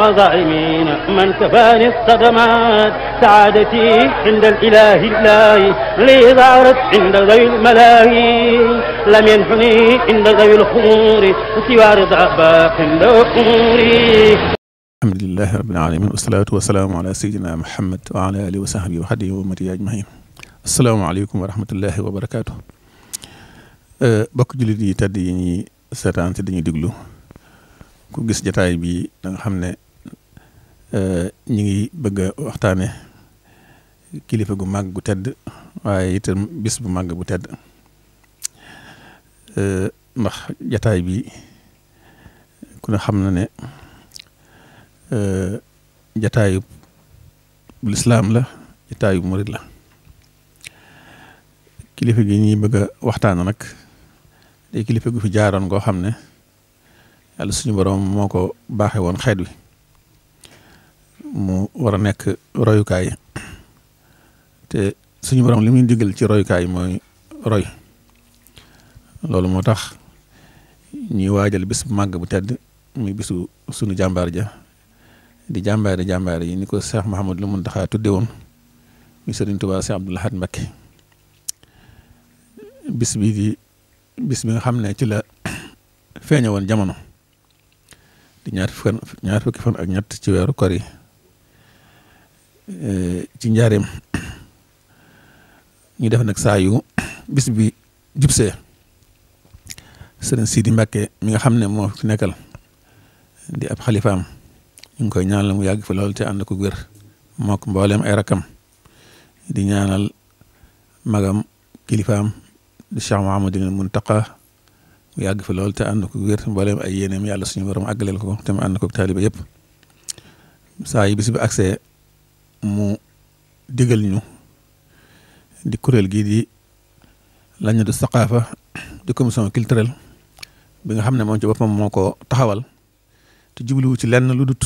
وظالمين من كفاني الصدمات سعادتي عند الإله الله لي ظهرت عند غير الملاهي لم ينحني عند غير الخمور سوى رضا باق عند أموري الحمد لله رب العالمين والصلاة والسلام على سيدنا محمد وعلى آله وصحبه وحده ومتي أجمعين السلام عليكم ورحمة الله وبركاته bokk أه، jullit yi tedd yi ñuy seetaan te dañuy déglu ku Euh, ñu ngi bëgg a waxtaane kilifa gu màgg gu tedd waaye itam bis bu màgg bu tedd euh, ndax jataay bi kune xam na ne euh, jataayu lislaam la jataayu murit la kilifa gi ñuy bëgg waxtaan nag te kilifa gu fi jaaroon goo xam ne yàlla suñu borom moo ko baaxe woon xeet wi mu war a nekk royukaay te suñu borom li muy digal ci royukaay mooy roy loolu moo tax ñuy waajal bis bu màgg bu tedd mu bisu sunu jàmbaar ja di jàmbaari jàmbaar yi ni ko Cheikh Mouhamadou Mountakha tudde woon muy Serigne Touba Cheikh Abdoul Ahad Mbacké bis bi di bis bi nga xam ne ci la feeñe woon jamono di ñaar fukki fan ñaar fukki fan ak ñett ci weeru kor ci njaareem ñu def nag saa yu bis bi jubsee sëriñ Sidi Mbacke mi nga xam ne moo fi nekkal di ab xalifaam ñu ngi koy ñaanal mu yàgg fi lool te ànd ko wér mook mbooleem ay rakam di ñaanal magam kilifaam di Cheikh Mouhamadul Muntaqa mu yàgg fi lool te ànd ko wér mbooleem ay yéeneem yàlla suñu borom àggaleel ko te mu ànd ko taaliba yëpp saa yi bis bi agsee mu digal ñu di kuréel gii di lañu du saqaafa di commission culturelle bi nga xam ne moom ci boppam moo ko taxawal te jubluwu ci lenn lu dut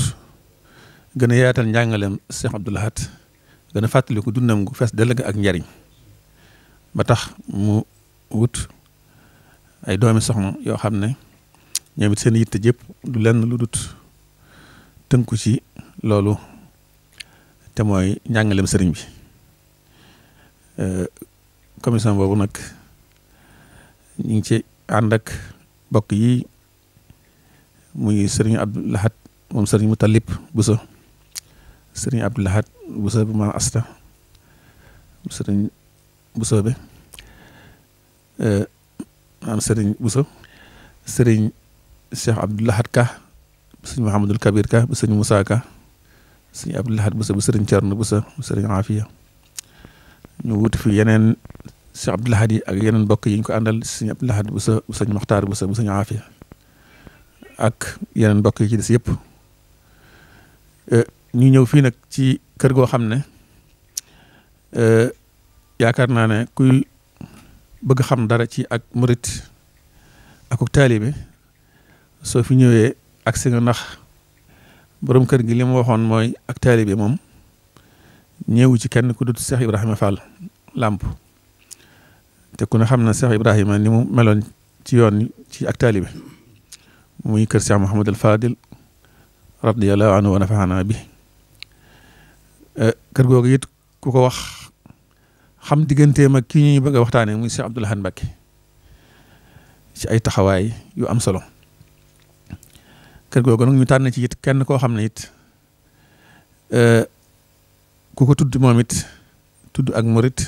gën a yaatal njàngaleem Cheikh Abdou Lahad gën a fàttali ko dundam gu fees dellëg ak njariñ ba tax mu wut ay doomi soxna yoo xam ne ñoom it seen yitte jëpp du lenn lu dut tënku ci loolu te mooy njàngaleem sëriñ bi commission boobu nag ñu ngi ci ànd ak bokk yi muy sëriñ Abdou Lahad moom sëriñ Moutalib Bousso sëriñ Abdou Lahad Bousso bi maam Asta sëriñ Bousso bi maam sëriñ Bousso sëriñ Cheikh Abdou Lahad Ka sëriñ Mouhamadul Kabir Ka sëriñ Moussa Ka sëriñ Abdou Lahad Bousso bu sëriñ Thierno Bousso bu Afia ñu wuti fi yeneen si Abdou Lahad yi ak yeneen mbokk yi ñu ko àndal sëriñ Abdou Lahad Bousso bu sëriñ Mokhtar Bousso bu sëriñ Afia ak yeneen mbokk yi ci des yëpp ñu ñëw fii nag ci kër goo xam ne yaakaar naa ne kuy bëgg xam dara ci ak murit ak taalibe soo fi ñëwee ak si nga ndax borom kër gi li mu waxoon mooy ak taalibe moom ñëwu ci kenn ku dut Cheikh Ibrahima Fall làmp te ku ne xam na Cheikh Ibrahima ni mu meloon ci yoon ci ak taalibe muy kër Cheikh Mouhamad al Fadil radiyallahu anhu wa nafaana bi kër googu it ku ko wax xam digganteem ak ki ñuy bëgg a waxtaanee muy Cheikh Abdoul Ahad Mbacké ci ay taxawaay yu am solo. kër nag ñu tànn ci it kenn koo xam ne it e, ku ko tudd moom it tudd ak murit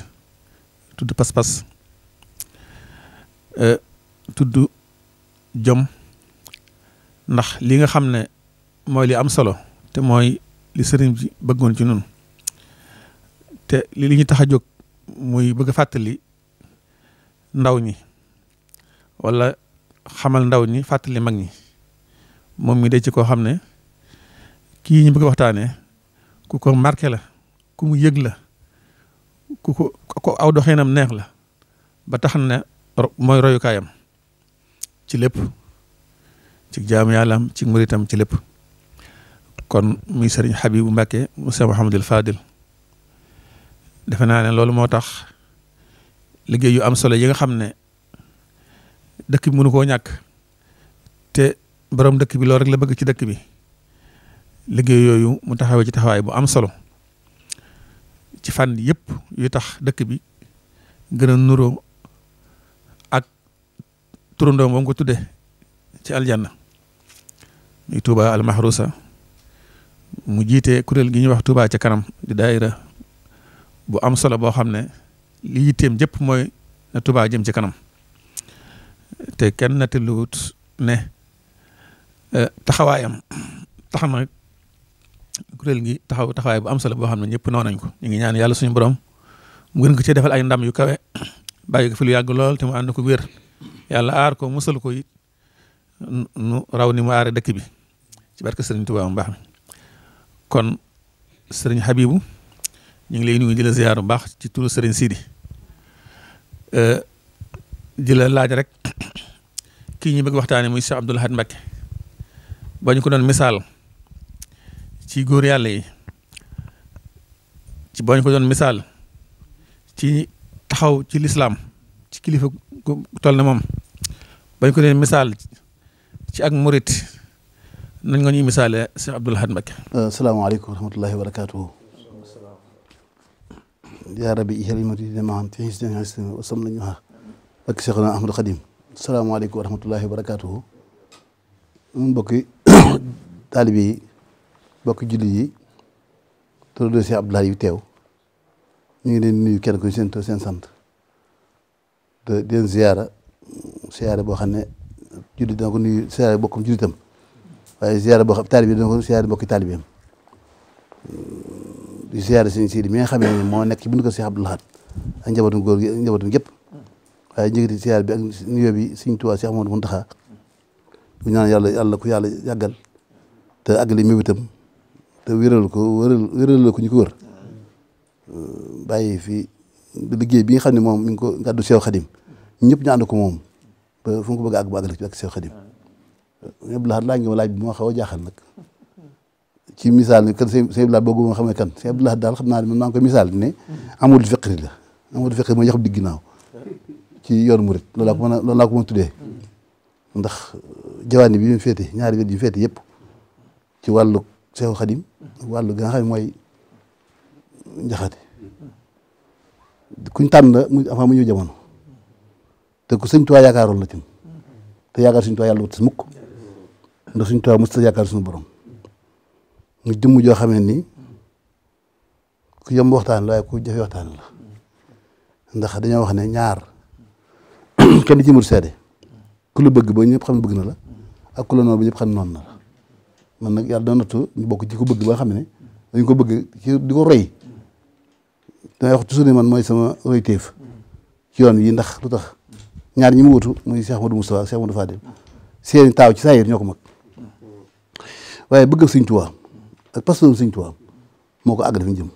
tudd pas-pas e, tudd jom ndax li nga xam ne mooy li am solo te mooy li sëriñ bi bëggoon ci nun te li li ñu tax a jóg muy bëgg a fàttali ndaw ñi wala xamal ndaw ñi fàttali mag ñi moom mi de ci koo xam ne kii ñu bëgg waxtaanee ku ko marke la ku mu yëg la ku ko ko aw doxinam neex la ba tax na mooy royukaayam ci lépp ci jaamu yàllaam ci muritam ci lépp kon muy sëriñ Habibu Mbàkke mu Seex Muhammadul Fadil defe naa ne loolu moo tax liggéey yu am solo yi nga xam ne dëkk bi mënu koo ñàkk te borom dëkk bi loolu rek la bëgg ci dëkk bi liggéey yooyu mu taxawee ci taxawaay bu am solo ci fànn yëpp yu tax dëkk bi gën a nuroo ak turandoom ba mu ko tuddee ci aljanna muy Touba mu jiite kuréel gi ñuy wax Touba ci kanam di daayira bu am solo boo xam ne li yitteem jëpp mooy na Touba jëm ci kanam te kenn nattiluwut ne Euh, taxawaayam tax na kuréel gi taxaw taxawaay bu am solo boo xam ne ñëpp noo nañ ko ñu ngi ñaan yàlla suñu borom mu gën ko ci defal ay ndam yu kawe bàyyi ko fi lu yàgg lool te mu ànd ko wér yàlla aar ko musal koy nu raw ni mu aare dëkk bi ci barke sëriñ Tuubaa mbaax mi kon sëriñ Habibu ñu ngi lay nuyu di la ziar bu baax ci turu sëriñ Sidi euh, di la laaj rek kii ñu bëgg waxtaanee muy Cheikh Abdoul Ahad Mbacké ba ko doon misaal ci góor yàlla ci ba ko doon misaal ci taxaw ci lislaam ci kilifa gu toll na moom ba ko doon misaal ci ak murit nañ nga ñuy misaale Cheikh Abdoul Ahad Mbacké. Euh, yaa rabbi ihal muridina maan fi hisnil islam wa sam taalibe yi bokk julli yi turandoo Cheikh Abdoulaye yu teew ñu ngi leen nuyu kenn ku seen tur seen sant de den ziyaara ziyaara boo xam ne julli dana ko nuyu ziyaara bokkum jullitam waaye ziyaara boo xam taalibe dana ko ziyaara bokki taalibeem di ziyaara seen siidi mi nga xamee moo nekk ci bunt ko Cheikh Abdoul Ahad ak njabootum góor gi ak njabootum gépp waaye njëkkati ziyaara bi ak nuyoo bi Sëriñ Tuubaa Cheikh Amadou Mountakha bu ñaan yàlla yàlla ku yàlla yàggal te àggali mébitam te wéral ko wéral wéral la ko ñu ko euh, fi liggéey bi nga xam ne mi ngi ko gàddu Seex Xadim ñëpp ñu ànd ko moom ba fu mu ko bëgg a àgg mu àggale ci ak Seex Xadim euh, ñëpp laaj laaj ma laaj bi moo a jaaxal nag ci misaal kan sëñ Abdoulaye daal xam naa man maa ngi ne amul fiqri la amul fiqri mooy yaxub digg ginnaaw ci yoon murit loolu laa ko a a tuddee jawaani bi mu féete ñaari wet yu féete yëpp ci wàllu Seexu Xadim wàllu gi nga xam ne mooy njaxate kuñ tànn mu avant mu ñëw jamono te ku Sëñ Tuubaa yaakaaroon la ci te yaakaar Sëñ Tuubaa yàlla wut si mukk ndax Sëñ Tuubaa mos ta yaakaar suñu borom mu jëmm joo xamee ni ku yomb waxtaan la waaye ku jafe waxtaan la ndax dañoo wax ne ñaar kenn ci mur seede ku lu bëgg ba ñëpp xam ne bëgg na la ak kulanoo bi yëpp xam noonu na man nag yàlla dana nattu ñu bokk ci ko bëgg ba xam ne dañ ko bëgg ci di ko roy damay wax toujours ne man mooy sama roy téef ci yoon yi ndax lu tax ñaar ñi mu wutu muy Cheikh Modou Moustapha Fadil seen taaw ci saa yéer ñoo ko mag waaye bëgg Sëñ Tuubaa ak pastor Sëñ Tuubaa moo ko àgg dafa jëm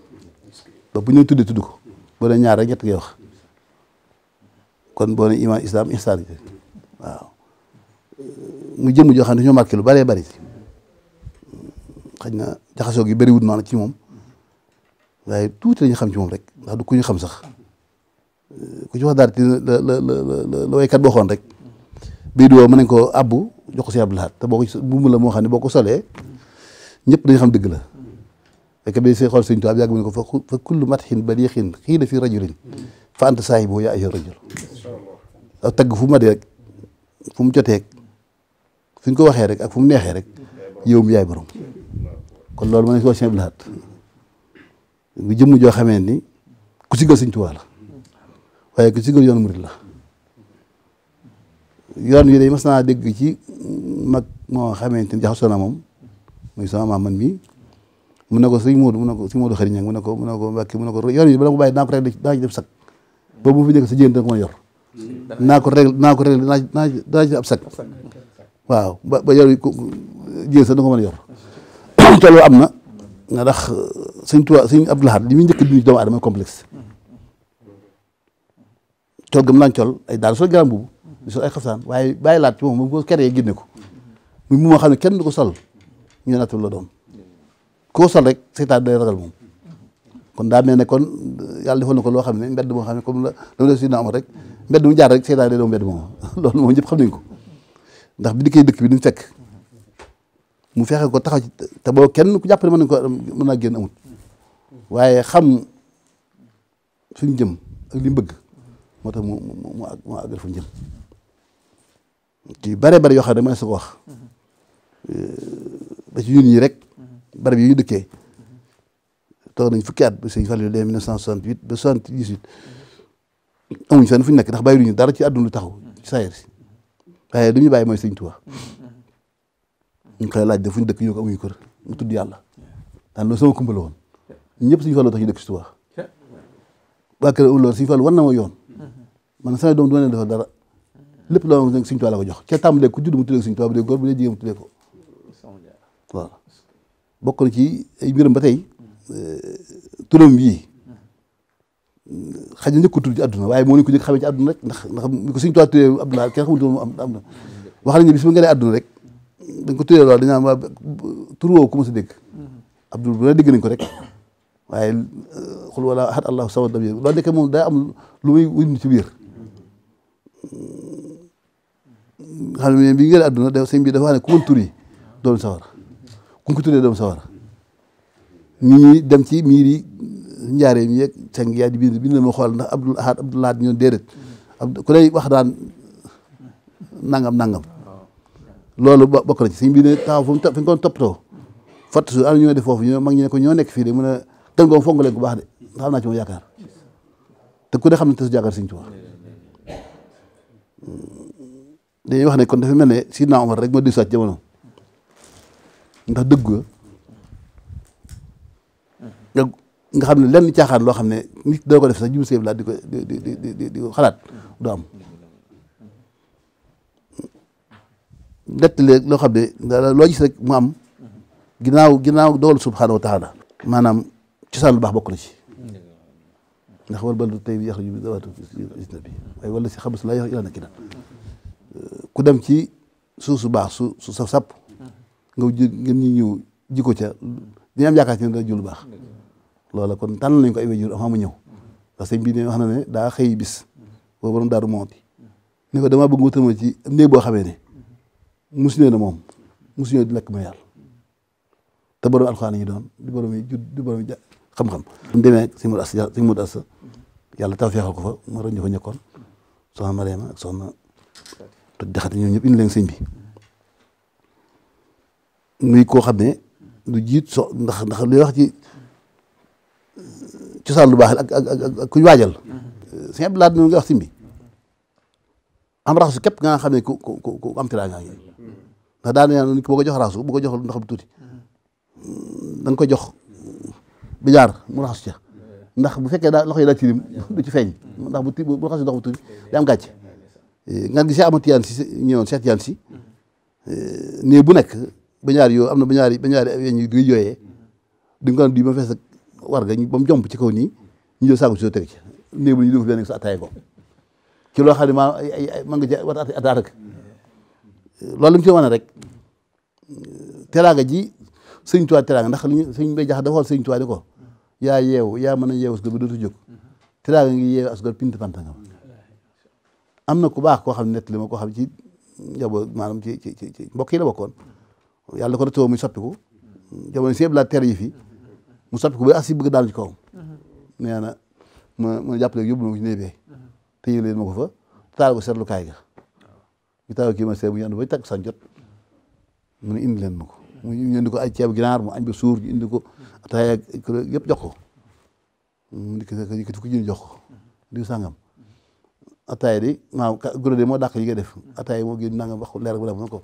ba bu ñu tuddee tudd ko boo ne ñaar ñett ngay wax kon boo ne iman islam ihsaan waaw mu jëmm joo xam ne dañoo marqué lu bëree bëri xëy na jaxasoo gi bëriwul maanaam ci moom waaye tuuti lañu xam ci moom rek ndax du ku ñu xam sax ku ci wax daal ci la la la la boo rek bii du ko abbu jox ko si te boo la moo xam ne boo ko solee ñëpp dañu xam dëgg la fekk bi see xool sëñ tubaab yàgg mu ne ko fa fa kullu matxin baliixin xii da fi rajulin fa ant saahibu yaa ayyuha rajul aw tagg fu ma dee rek fu mu jotee fi ñu ko waxee rek ak fu mu neexee rek yow mi yaay borom kon loolu ma ne si wax jëmm joo xamee ni ku sigal sëñ Tuubaa la yoon murit la yoon wi day mas naa dégg ci mag moo xamante ni jaxasoo na moom muy sama man mii mu ne ko sëñ Moodu mu ko sëñ Moodu xëriñ ak mu ne ko mu ko Mbàkke mu ne ko yoon wi bala ko bàyyi rek daa ci def sa jigéen dana ko mën a yor naa ko ci ab sag waaw ba ba yor jén sax da ko mën a yor te am na nga ndax euh, sëñ Tuubaa sëñ Abdou Lahad li muy njëkk di doomu aadama complexe col gëm naan col ay daal sol garam boobu di sol ay xaftaan waaye bàyyi laat ci moom moom ko keree génne ko muy mu moo xam ne kenn du ko sol ñu nattul la doon koo sol rek seytaan day ragal moom kon daa mel ne kon yàlla defal na ko loo xam ne mbedd moo xam ne comme jaar rek seytaan day doon loolu moom ñëpp xam nañ ko ndax bi dikay dëkk bi duñ fekk mu fexe ko taxaw ci te bo kenn ku jàpp ne mën ko mën naa génn amut waaye xam suñ jëm ak li mu bëgg moo tax mu mu mu àggal fu jëm ci bare bare yoo xam ne mën su ko wax ba ci ñun ñi rek bare bi ñu dëkkee toog nañ fukki at ba sëñ Fallou dee 1968 ba 78 amuñu fenn fu ñu nekk ndax bàyyi dara ci àdduna lu taxaw ci saa si waaye du ñu bàyyi mooy sëñ Tuubaa ñu koy laaj dafuñ dëkk ñu ko amuñu kër mu tudd yàlla daan loolu sama kumbala woon ñëpp sëñ Fallu tax ñu dëkk si Tuubaa waa kër loolu sëñ Fallu war yoon man sama doom du ma ne dafa dara lépp loo xam ne sëñ Tuubaa la ko jox ca tàmbalee ku judd mu tuddee sëñ Tuubaa bu dee góor bu dee jigéen mu tuddee ko ci ay mbiram ba tey eh, turam xaj na njëkkatul ci àdduna waaye moo leen ko njëkk xamee ci àdduna rek ndax ndax ko suñu tubaab tuddee Abdoulaye kenn xamul moom am na wax nañu bis rek dañ ko tuddee lool dañu naan waa tur woowu ku ma sa dégg Abdoul bu la dégg nañ ko rek waaye xul euh, wala ahad allahu samad lam yalid loolu nekk moom daa am lu muy wund ci biir xam ne bi ngeen àdduna da sëñ dafa wax ne ku sawar ku ko tuddee sawar nit ñi dem njaaree mi yeeg càng yaay di bind bind ma xool ndax Abdul Ahad Abdul Ahad ñoon déedéet ku lay wax daan nangam nangam loolu bokk na ci suñ bi ne taxaw fu ñu ko toppatoo fatt su am ñoo def foofu ñoo mag ñi ko ñoo nekk fii de mun a tënkoom fonk leen ku baax de ndax am naa ci moom yaakaar te ku ne xam ne te su jàkkaar Sëñ Tuubaa hmm. dañuy wax ne kon dafa mel ne Sidna Omar rek ma di saat jamono ndax dëgg nga nga xam ne lenn caaxaan loo xam ne nit doo ko def sax jiw seeb laa di ko di di di di ko xalaat du am nettali loo xam ne loo gis rek mu am ginnaaw ginnaaw dogal subhaanahu wa taala maanaam cosaan lu baax ba na ci ndax wal baladu tayyibu yaxruju min dawaatihi bi waaye wala si xabas laa yaxruju illaa nakidan ku dem ci suuf su baax su su saf sàpp nga jë ngeen ñu ca dina am yaakaar ci ne dana jiw lu baax. loola kon tànn nañ ko ay wéjur avant mu ñëw ndax sëñ bi ne wax na ne daa xëy bis boo borom daaru mooti ne ko damaa bëgg wutama ci néeg boo xamee ne musu nee na moom musu ñëw di lekk ma yàlla te doon di borom yi jud di borom xam-xam mu demee sëñ Modou yàlla taw feexal ko fa mu roñ fa ñëkkoon soxna Mariama ak soxna ñëpp indi leen bi muy xam ne jiit so ndax ndax luy wax ci cosaan lu baax ak ak ak kuy waajal. sëñ Abdou Lahad noonu nga wax simbi am raxasu képp nga xam ne ku ku ku am teraanga ngi ndax ko jox raxasu bu ko jox ndox bu tuuti da nga ko jox bi jaar mu raxasu ca ndax bu fekkee daa loxo yi daa tilim du ci feeñ ndax bu ti bu raxasu ndox bu tuuti day am gàcce nga gisee amati yaan si ñëwoon eh, bu nekk ba ñaari yoo am na ba ñaari ba ñaari yéen di yooyee di nga ko ma fees war nga ba mu jomp ci kaw ni ñu jël ci néew bi ñu def benn ci loo xam ne ma nga ja war a ataat lañ ci wane rek teraanga ji sëñ Tuubaa teraanga ndax li ñu sëñ Mbay Jaxate dafa xool sëñ Tuubaa di ko yaa yeewu yaa a yeewu askan bi ngi yeewu askan pint pantangam am na ku baax koo xam ne nett li ma koo xam ci ci ci ci mbokk yi la bokkoon yàlla ko doon taw muy soppiku jamono si yëpp ter yi fii mu soppi ko ba as yi bëgg daanu ci kawam. nee na ma ma jàppale yóbbu ma ko ci néeg bee. téye leen ma ko fa taal ko seetlu kaay ga. ñu taal ko kii ma seet bu ñu ànd ba takk san jot mu ne indi leen ma mu indi ko ay ceeb ginaar mu añ ba suur ñu indi ko ataaya jox ko. mu dikk yëkkati ko jënd jox ko. diw sàngam. ataaya di maanaam guro de moo dàq yi nga def ataaya moo génn nangam wax leer bu dem ko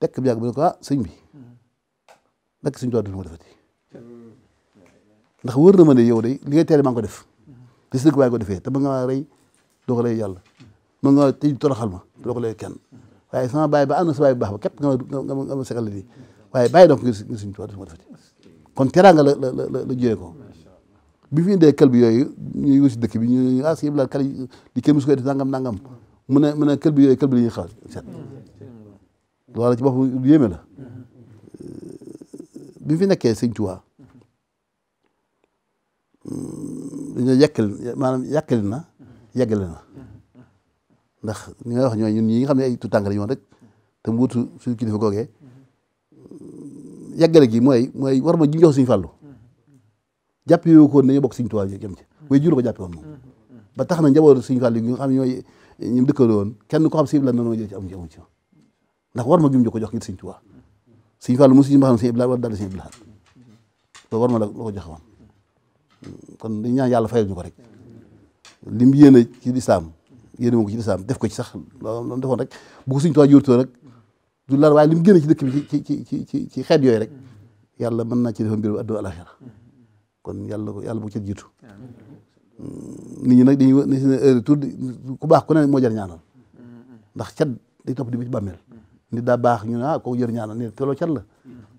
tekk bi yàgg bu ne ko ah bi. nekk suñu tool bi mu defati. ndax wërna ma ne yow day li nga tere maa ngi ko def gis na ko baa ko defee te ba nga maa rey doo ko lay yàlla ma nga tëj toroxal ma doo ko lay kenn waaye sama bàyyi ba am na sa bàyyi baax ba képp nga nga nga ma segal la di waaye bàyyi donc ngir ngir suñu tubaab def ma defati kon teraanga la la la la jiyee ko bi fi indee kël bi yooyu ñu yóbbu si dëkk bi ñu ah si yëpp la di kenn musu def nangam nangam mu ne mu ne kël bi yooyu kël bi la ñuy xalaat seet loolu ci boppam yéeme la bi fi nekkee sëñ Tuubaa dañoo yekkal maanaam yàkkali na yeggale na ndax li nga wax ñooy ñun ñi nga xam ne ay tu tànk yoon rek te mu wutu suñu kilifa googee yeggale gi mooy mooy war ma ji jox suñu fàllu jàppee wu ko nañu bokk suñu tuwaay jëm ci way jur ko jàppee woon moom ba tax na njaboot suñu fàllu gi nga xam ne ñooy ñu dëkkandoo woon kenn ko xam si la noonu jël ci am ci amu ci ndax war ma gim jo ko jox ngir suñu tuwaay suñu fàllu mosu ñu ma xam si ibla war daal si ibla war ma la ko joxewoon kon di ñaan yàlla fayal ñu ko rek lim yéene ci lislaam yéene moom ko ci lislaam def ko ci sax loolu defoon rek bu ko suñu toog jóortoo rek du lar waaye lim génne ci dëkk bi ci ci ci ci ci xeet yooyu rek yàlla mën na ci defa mbir addo alaxira kon yàlla ko yàlla bu ko jiitu mm, nit ñi nag dañuy ne seen heure tour ku baax ku moo jar ñaana ndax cat day topp di bi ci bàmmeel nit daa baax ñu ne ah kooku jar ñaanal ne te loolu cat la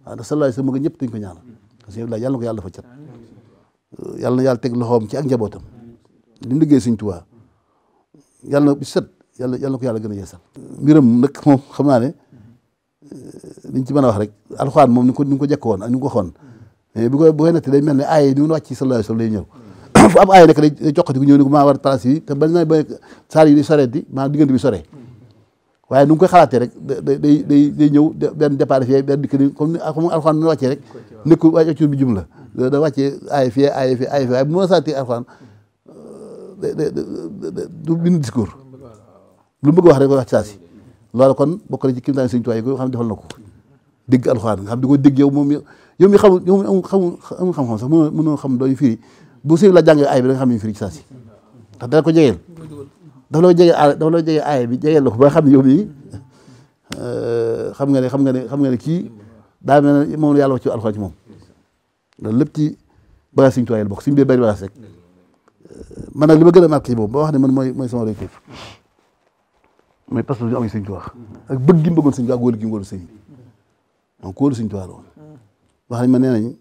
waaw ndax sallallahu alayhi wasallam mu ñëpp dañ ko ñaanal parce yàlla ko yàlla dafa cat yàlla na yàlla teg loxoom ci ak njabootam li mu liggéey Sëñ Tuubaa yàlla na bi set yàlla yàlla na ko yàlla gën a yeesal. mbiram nag moom xam naa ne eh, liñ ci mën a wax rek alxuraan moom ni ko ni ko jëkk woon ak ni ko waxoon mais eh, day mel ne aay yi ni mu wàcc ci sallallahu alayhi wa sallam lay ñëw fu am aay war place yi te bari naa ba saar yi di soree di maa diggante bi soree waaye nu koy xalaatee rek day day day ñëw benn départ fii benn dikk ni comme ni alxuraan nu wàccee rek nekkul wàccu bi jumla da wàcc ay fii ay fii ay fii waaye bu ma sàtti euh, du bind discours lu mu bëgg wax rek koy wax ci saa si kon bokk na ci kim taan ko xam ne defal na ko dégg alxuraan nga xam di ko dégg yow moom yow mi xamul yow xam-xam sax mënoo mënoo xam dooy firi bu sëñ la jàngee aay bi da xam ne firi ci saa si ndax ko jegeel dafa la jege dafa la jege aay bi jegeel la ba xam yow mii euh, xam nga ne xam nga ne xam nga ne kii daa mel ne moom la yàlla wax ci alxuraan ci moom loolu lépp ci bagage Sëñ Tuubaa yi la bokk suñ bee bari bagage rek man nag li ma gën a marqué boobu ba wax ne man mooy mooy sama réussite mooy parce que ñu am Sëñ Tuubaa ak bëgg gi mu bëggoon Sëñ Tuubaa ak wóolu gi mu wóolu sëñ bi donc wóolu Sëñ Tuubaa la woon wax nañ ma nee nañ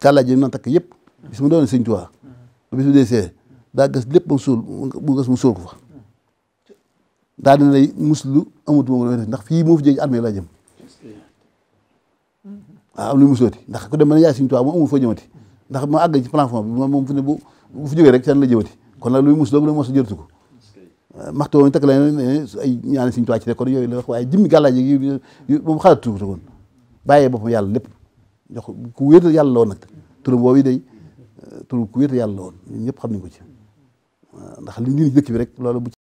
kàllaaj yi na takk yëpp bis mu doon Sëñ Tuubaa bis mu dee daa gas lépp mu suul mu gas mu suul ko fa daa dina lay muslu amatu ma ndax fii moo fi jëj armée laa jëm waaw am lu mu sooti ndax ku dem mën a yaay suñu tubaab moom amul fu ne bu fu jógee rek seen la jëwati kon nag luy mus doog lu mos jërtu ko maxtu woon takk la ay ñaani kon yooyu la wax waaye yi moom xalaatu ko woon boppam yàlla lépp jox ku wéetal yàlla woon nag turam boobu day euh, tur ku wéetal yàlla la woon ñun ñëpp xam nañ ko ci bi rek loolu bu